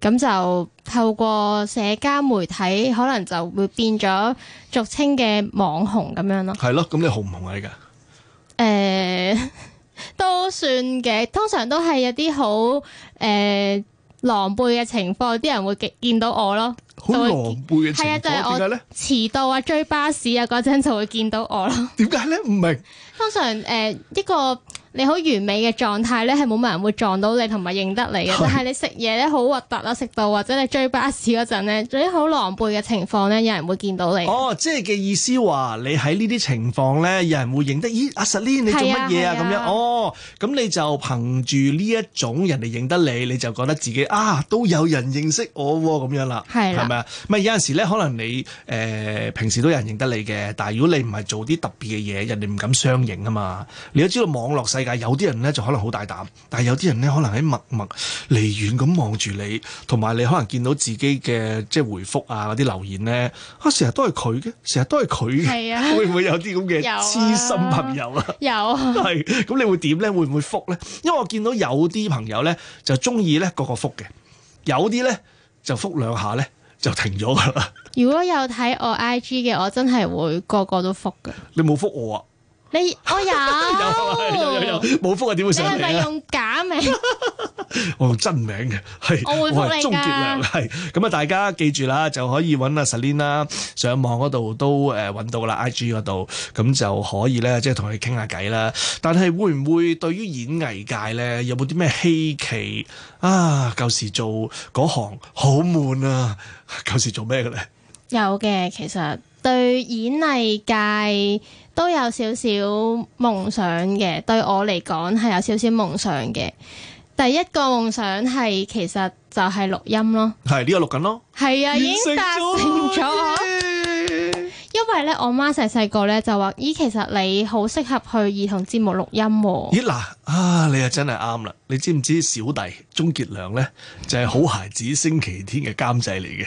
咁就透過社交媒體，可能就會變咗俗稱嘅網紅咁樣咯。係咯，咁你紅唔紅啊？依家、欸？都算嘅。通常都係有啲好誒狼狽嘅情況，啲人會見到我咯。好狼狽嘅情況，點解咧？就係、遲到啊，追巴士啊，嗰陣就會見到我咯。點解咧？唔明。通常誒一、欸呢個。你好完美嘅狀態咧，係冇乜人會撞到你同埋認得你嘅。是但係你食嘢咧好核突啊，食到或者你追巴士嗰陣咧，總之好狼狽嘅情況咧，有人會見到你。哦，即係嘅意思話，你喺呢啲情況咧，有人會認得。咦，阿 Sally 你做乜嘢啊？咁、啊、樣哦，咁你就憑住呢一種人哋認得你，你就覺得自己啊，都有人認識我喎咁樣啦。係，係咪啊？咪、啊嗯，有陣時咧，可能你誒、呃、平時都有人認得你嘅，但係如果你唔係做啲特別嘅嘢，人哋唔敢相認啊嘛。你都知道網絡上世界有啲人咧就可能好大膽，但係有啲人咧可能喺默默離遠咁望住你，同埋你可能見到自己嘅即係回覆啊嗰啲留言咧，啊成日都係佢嘅，成日都係佢嘅，啊、會唔會有啲咁嘅痴心朋友啊？有係、啊、咁 你會點咧？會唔會覆咧？因為我見到有啲朋友咧就中意咧個個覆嘅，有啲咧就覆兩下咧就停咗噶啦。如果有睇我 IG 嘅，我真係會個個都覆嘅。你冇覆我啊？你我有 有有冇福啊？點會成你啊？係用假名？ 我用真名嘅，係我鍾傑良噶。係咁啊！大家記住啦，就可以揾阿 Selin 啦，上網嗰度都誒揾到啦，IG 嗰度咁就可以咧，即係同佢傾下偈啦。但係會唔會對於演藝界咧，有冇啲咩稀奇啊？舊時做嗰行好悶啊！舊時做咩嘅咧？有嘅，其實對演藝界。都有少少夢想嘅，對我嚟講係有少少夢想嘅。第一個夢想係其實就係錄音咯。係呢個錄緊咯。係啊，已經達成咗。成因為咧，我媽細細個咧就話：咦，其實你好適合去兒童節目錄音喎。咦嗱啊，你又真係啱啦！你知唔知小弟鍾傑良咧就係、是、好孩子星期天嘅監製嚟嘅？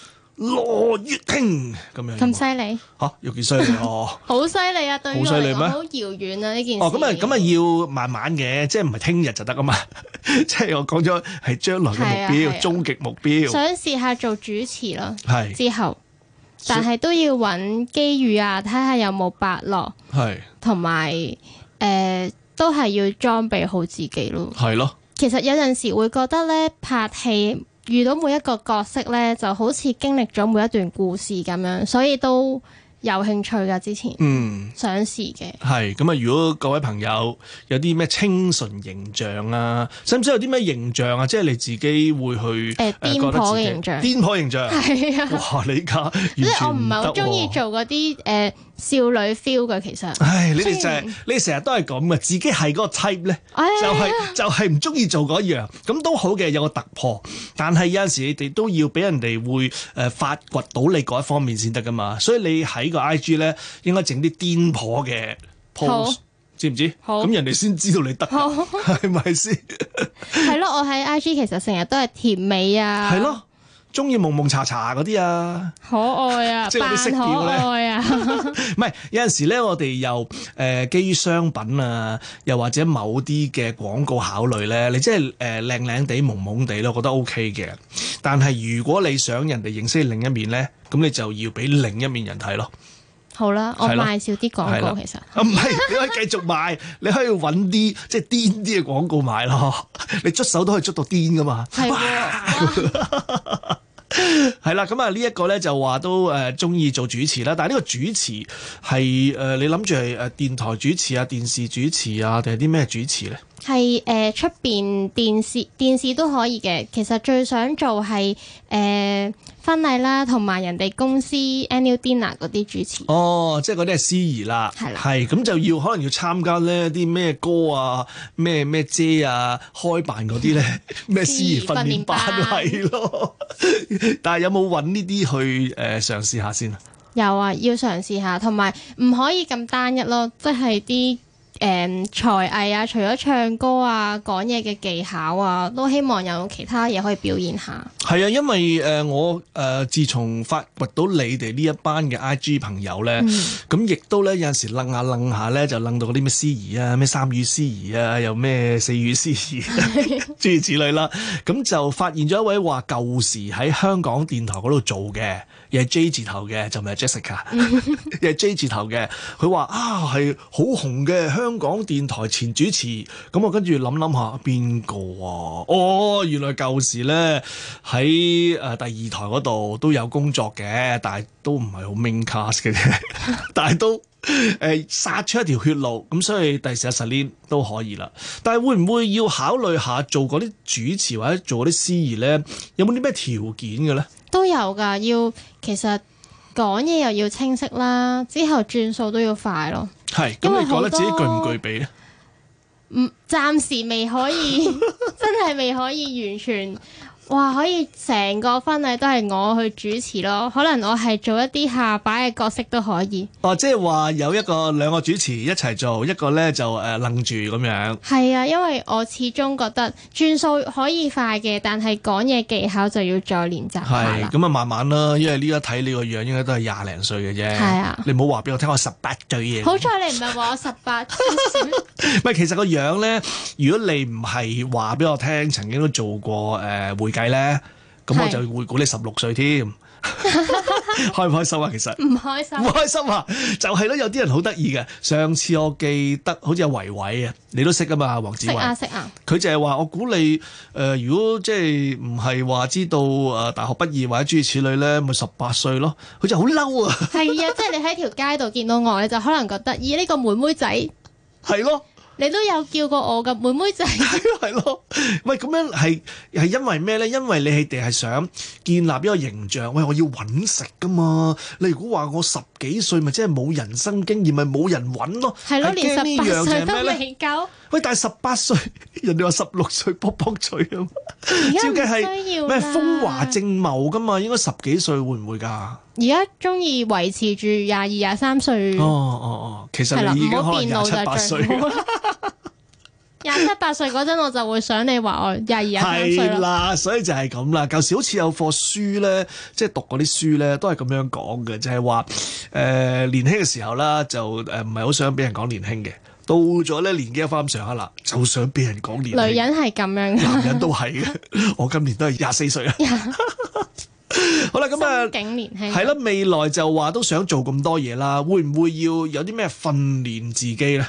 羅玥婷，咁樣咁犀利吓，又幾犀利哦！好犀利啊！對，好犀利咩？好遙遠啊！呢件事咁啊，咁啊、哦，要慢慢嘅，即係唔係聽日就得啊嘛！ 即係我講咗係將來嘅目標，終極、啊啊、目標。想試下做主持咯，係是之後，但係都要搵機遇啊，睇下有冇伯樂，係同埋誒，都係要裝備好自己咯，係咯的。其實有陣時會覺得咧，拍戲。遇到每一個角色咧，就好似經歷咗每一段故事咁樣，所以都。有興趣㗎，之前，嗯，想試嘅。係咁啊，如果各位朋友有啲咩清純形象啊，甚至有啲咩形象啊？即係你自己會去、呃、覺得自己。癲婆形象，癲婆形象。係啊！哇！你依家即係我唔係好中意做嗰啲誒少女 feel 㗎，其實。唉，你哋就係、係、然你成日、就係、都係咁嘅，自己係嗰個 type 咧、哎呀就係，就係就係唔中意做嗰樣。咁都好嘅，有個突破。但係有陣時你哋都要俾人哋會誒發掘到你嗰一方面先得㗎嘛。所以你喺。呢個 I G 咧應該整啲癲婆嘅 pose，好知唔知？咁好人哋先知道你得，係咪先？係 咯不， 我喺 I G 其實成日都係甜美啊。係咯。中意朦朦查查嗰啲啊，可愛啊， 即扮可愛啊，唔 係 有陣時咧，我哋又誒基於商品啊，又或者某啲嘅廣告考慮咧，你即係誒靚靚地、朦朦地咯，覺得 OK 嘅。但係如果你想人哋認識另一面咧，咁你就要俾另一面人睇咯。好啦，我賣少啲廣告了其實。唔係、啊，你可以繼續賣， 你可以揾啲即係癲啲嘅廣告賣咯。 你捉手都可以捉到癲噶嘛。係 喎 係啦，咁啊呢一個咧就話都誒中意做主持啦，但係呢個主持係誒你諗住係誒電台主持啊、電視主持啊，定係啲咩主持咧？係誒出邊電視電視都可以嘅，其實最想做係誒、呃、婚禮啦，同埋人哋公司 annual dinner 嗰啲主持。哦，即係嗰啲係司儀啦，係咁啦就要可能要參加呢啲咩歌啊、咩咩姐啊、開辦嗰啲咧咩司儀訓練班係咯。 但係有冇揾呢啲去誒嘗試下先啊？有啊，要嘗試下，同埋唔可以咁單一咯，即係啲。誒、um, 才藝啊，除咗唱歌啊、講嘢嘅技巧啊，都希望有其他嘢可以表現下。係啊，因為誒、呃、我誒、呃、自從發掘到你哋呢一班嘅 I G 朋友咧，咁亦、嗯、都咧有陣時楞下楞下咧，就楞到啲咩司儀啊，咩三語司儀啊，又咩四語司儀、啊、 諸如此類啦。咁就發現咗一位話舊時喺香港電台嗰度做嘅。亦係 J 字頭嘅就唔、是、係 Jessica，亦 係 J 字頭嘅，佢話啊係好紅嘅香港電台前主持，咁我跟住諗諗下邊個啊？哦，原來舊時咧喺誒第二台嗰度都有工作嘅，但係都唔係好 main cast 嘅，啫。但係都誒、 呃、殺出一條血路，咁所以第時阿 Seline 都可以啦。但係會唔會要考慮下做嗰啲主持或者做嗰啲司儀咧？有冇啲咩條件嘅咧？都有㗎，要其實講嘢又要清晰啦，之後轉數都要快咯。係，咁你覺得自己具唔具備呢？唔，暫時未可以， 真係未可以完全。哇！可以成個婚禮都係我去主持咯，可能我係做一啲下擺嘅角色都可以。哦，即係話有一個兩個主持一齊做，一個咧就誒愣住咁樣。係啊，因為我始終覺得轉數可以快嘅，但係講嘢技巧就要再練習。係咁啊，慢慢啦，因為呢一睇你個樣應該都係廿零歲嘅啫。係啊，你唔好話俾我聽我十八歲嘢。好彩你唔係話我十八歲。唔係，其實個樣咧，如果你唔係話俾我聽，曾經都做過誒、呃計咧，咁我就會估你十六歲添， 開唔開心啊？其實唔開心，唔開心啊！就係、是、咯，有啲人好得意嘅。上次我記得好似阿維維啊，你都識噶嘛，黃子華，識啊，識佢、啊、就係話我估你誒、呃，如果即係唔係話知道誒大學畢業或者諸如此類咧，咪十八歲咯。佢就好嬲啊。係 啊，即係你喺條街度見到我，你就可能覺得咦，呢、哎這個妹妹仔係咯。 你都有叫過我噶妹妹仔，係咯 喂，咁樣係係因為咩咧？因為你哋係想建立一個形象。喂，我要揾食噶嘛？你如果話我十幾歲，咪即係冇人生經驗，咪冇人揾咯。係咯了，連十八歲都未夠。喂，但係十八歲，人哋話十六歲卜卜脆咁，嘛。而 家是需要咩風華正茂噶嘛？應該十幾歲會唔會㗎？而家中意維持住廿二廿三歲，哦哦哦，其實已經開廿七八歲。 廿七八歲嗰陣，我就會想你話我廿二廿三歲啦。所以就係咁啦。舊時好似有課書咧，即係讀嗰啲書咧，都係咁樣講嘅，就係話誒年輕嘅時候啦，就誒唔係好想俾人講年輕嘅。到咗咧年紀一翻上下啦，就想俾人講年輕。女人係咁樣，男人都係嘅。 我今年都係廿四歲啊。Yeah. 好啦，咁啊，警係咯，未來就話都想做咁多嘢啦，會唔會要有啲咩訓練自己咧？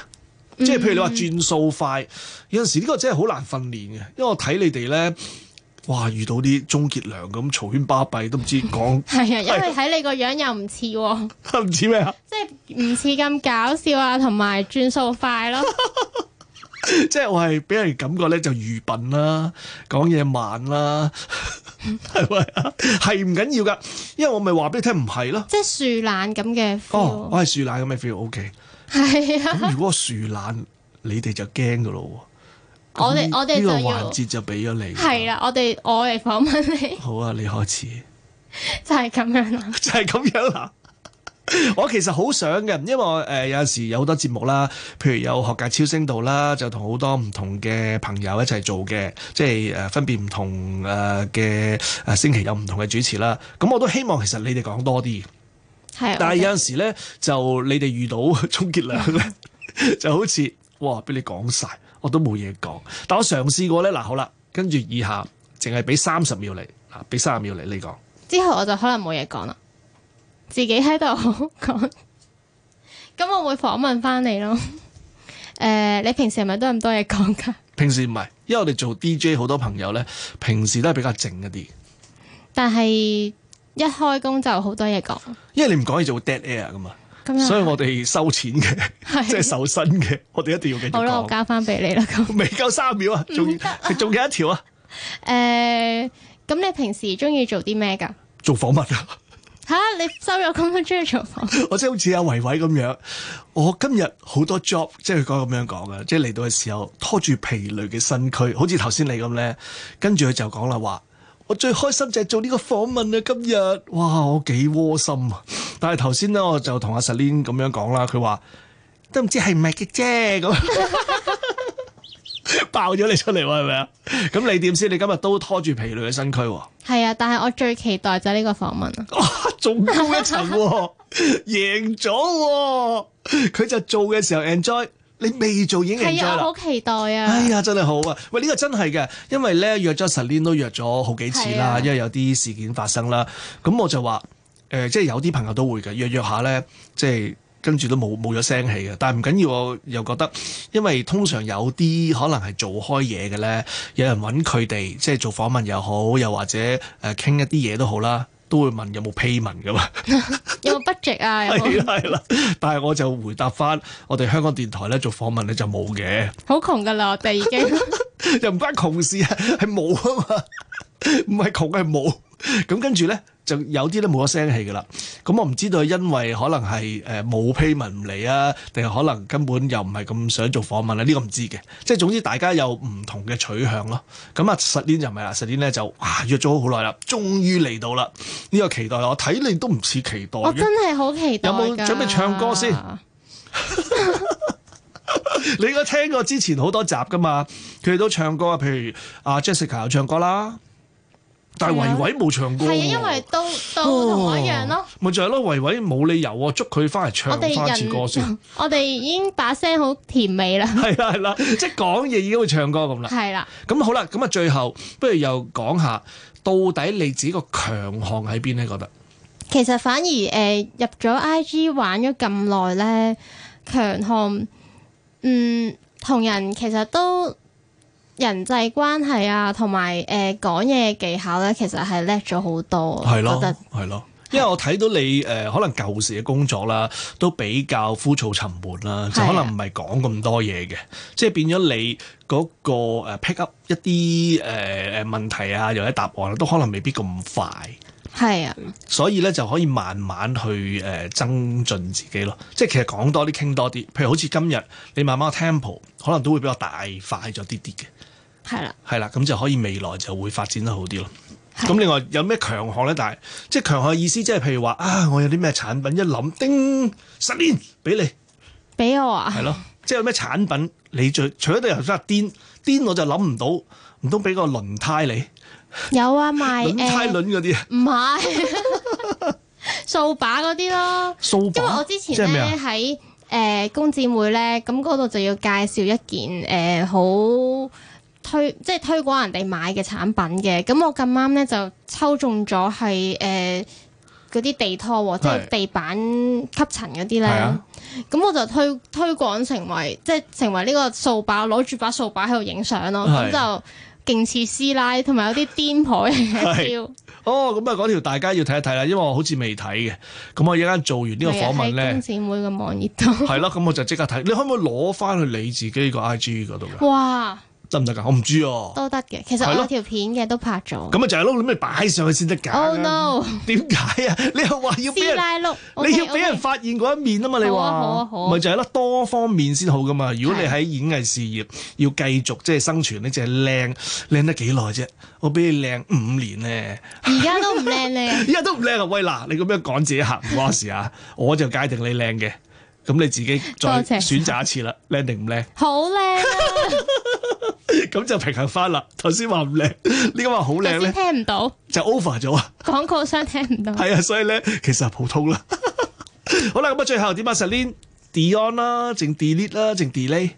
嗯、即係譬如你話轉數快，有陣時呢個真係好難訓練嘅，因為我睇你哋咧，哇，遇到啲鍾傑良咁，嘈喧巴閉，都唔知講係啊，因為睇你個樣又唔似，唔似咩啊？即係唔似咁搞笑啊，同埋轉數快咯， 即係我係俾人感覺咧就愚笨啦、啊，講嘢慢啦、啊。係咪係唔緊要噶，因為我咪話俾你聽唔係咯，即係樹懶咁嘅。哦，我係樹懶咁嘅 feel，OK。係、OK、啊，如果個樹懶你哋就驚噶咯。我哋我哋呢個環節就俾咗你。係啦，我哋我嚟訪問你。好啊，你開始。 就係咁樣啦、啊。 就係咁樣啦、啊。我其實好想嘅，因為誒有陣時有好多節目啦，譬如有學界超聲道啦，就同好多唔同嘅朋友一齊做嘅，即係誒分別唔同誒嘅誒星期有唔同嘅主持啦。咁我都希望其實你哋講多啲，係的。但係有陣時咧的就你哋遇到鍾傑良咧， 就好似哇俾你講晒，我都冇嘢講。但我嘗試過咧，嗱好啦，跟住以下淨係俾三十秒嚟，啊俾三十秒嚟你講，之後我就可能冇嘢講啦。自己喺度好講，咁我會訪問翻你咯。誒，你平時係咪都咁多嘢講噶？平時唔係，因為我哋做 DJ 好多朋友咧，平時都係比較靜一啲。但係一開工就好多嘢講，因為你唔講嘢就會 dead air 㗎嘛，咁樣，所以我哋收錢嘅，即係收薪嘅，我哋一定要繼續講。好啦，我交翻俾你啦，未夠三秒啊，仲仲有一條啊。誒，咁你平時中意做啲咩噶？做訪問啊。吓，你收咗？咁樣中意做訪問？我即係好似阿維維咁樣，我今日好多 job 即係佢講咁樣講嘅，即係嚟到嘅時候拖住疲累嘅身軀，好似頭先你咁咧，跟住佢就講啦話，我最開心就係做呢個訪問啊！今日哇，我幾窩心啊！但係頭先咧，我就同阿 Selin 咁樣講啦，佢話都唔知係唔係嘅啫，咁 爆咗你出嚟喎係咪啊？咁你點先？你今日都拖住疲累嘅身軀喎？係啊，但係我最期待就係呢個訪問啊！哦仲高一層喎、哦， 贏咗喎、哦！佢 就做嘅時候 enjoy，你未做已經 e n 係啊，好期待啊！哎呀，真係好啊！喂，呢、這個真係嘅，因為咧約咗十年都約咗好幾次啦，的因為有啲事件發生啦。咁我就話誒、呃，即係有啲朋友都會嘅，約約下咧，即係跟住都冇冇咗聲氣嘅。但係唔緊要，我又覺得因為通常有啲可能係做開嘢嘅咧，有人揾佢哋即係做訪問又好，又或者誒傾、呃、一啲嘢都好啦。都會問有冇 payment 噶嘛？有冇 budget 啊？係啦，係啦， 但係我就回答翻，我哋香港電台咧做訪問咧就冇嘅，好窮噶啦，我哋已經 又唔關窮事啊，係冇啊嘛，唔係窮係冇。咁跟住咧，就有啲咧冇咗聲氣噶啦。咁、嗯、我唔知道，因為可能係誒冇批文嚟啊，定係可能根本又唔係咁想做訪問啦、啊？呢、這個唔知嘅，即係總之大家有唔同嘅取向咯。咁、嗯、啊，實年就唔係啦，實年咧就哇約咗好耐啦，終於嚟到啦，呢、這個期待我睇你都唔似期待。我真係好期待，期待有冇準備唱歌先？ 你應該聽過之前好多集噶嘛？佢哋都唱歌啊，譬如阿 Jessica 又唱歌啦。但係維維冇唱歌，係因為都都同我一樣咯。咪就係咯，維維冇理由啊，捉佢翻嚟唱返首歌先。我哋已經把聲好甜美啦。係啦係啦，即係講嘢已經會唱歌咁啦。係啦，咁好啦，咁啊最後不如又講下，到底你自己個強項喺邊咧？覺得其實反而誒入咗 IG 玩咗咁耐咧，強項嗯同人其實都。人際關係啊，同埋誒講嘢技巧咧，其實係叻咗好多。係咯的，係咯，的因為我睇到你誒、呃、可能舊時嘅工作啦，都比較枯燥沉悶啦，的就可能唔係講咁多嘢嘅，的即係變咗你嗰個 pick up 一啲誒誒問題啊，又一答案、啊、都可能未必咁快。係啊的，所以咧就可以慢慢去誒、呃、增進自己咯。即係其實講多啲，傾多啲，譬如好似今日你慢慢 temple 可能都會比較大快咗啲啲嘅。係啦，係啦，咁就可以未來就會發展得好啲咯。咁的另外有咩強項咧？但係即係強項嘅意思，即係譬如話啊，我有啲咩產品一諗，叮十年，俾你，俾我啊，係咯，即係有咩產品你最除咗對人真係癲癲，我就諗唔到，唔通俾個輪胎你？有啊，賣輪胎輪嗰啲唔係掃把嗰啲咯，掃把，因為我之前，即係咩啊？喺誒，工展會咧，咁嗰度就要介紹一件誒、呃、好。推，即係推廣人哋買嘅產品嘅，咁我咁啱咧就抽中咗係誒嗰啲地拖，即係地板吸塵嗰啲咧。咁的我就推推廣成為即係成為呢個掃把掃，攞住把掃把喺度影相咯。咁就勁似師奶，同埋有啲癲婆嘅 feel 哦，咁啊，嗰條大街要睇一睇啦，因為我好似未睇嘅。咁我而家做完呢個訪問咧，粉絲會嘅網頁度係啦。咁我就即刻睇，你可唔可以攞翻去你自己個 I G 嗰度？哇！得唔得噶？我唔知哦、啊。都得嘅，其實我有條片嘅都拍咗。咁咪就係咯，你咪擺上去先得噶。o no！點解啊？Oh, no. 你又話要？師奶 l 你要俾人發現嗰一面啊嘛？Okay, okay. 你話說，好啊好啊好。咪就係咯，多方面先好噶嘛。如果你喺演藝事業要繼續即係生存，你淨係靚靚得幾耐啫？我俾你靚五年咧。而家都唔靚，你而家都唔靚啊！威娜，你咁樣講自己行唔關事啊？ 我就界定你靚嘅。咁你自己再選擇一次啦，靚定唔靚？好靚，咁就平衡翻啦。頭先話唔靚，呢個話好靚咧。聽唔到就 over 咗，啊。廣告商聽唔到。係啊，所以咧其實係普通啦。好啦，咁啊最後點啊？Celine Dion 啦，淨 delete 啦，淨 delete。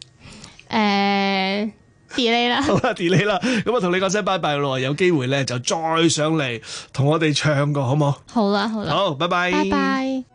誒，delete 啦，好啦 delete 啦。咁啊，同你講聲拜拜咯，有機會咧就再上嚟同我哋唱個好冇？好啦，好啦，好，拜拜，拜拜。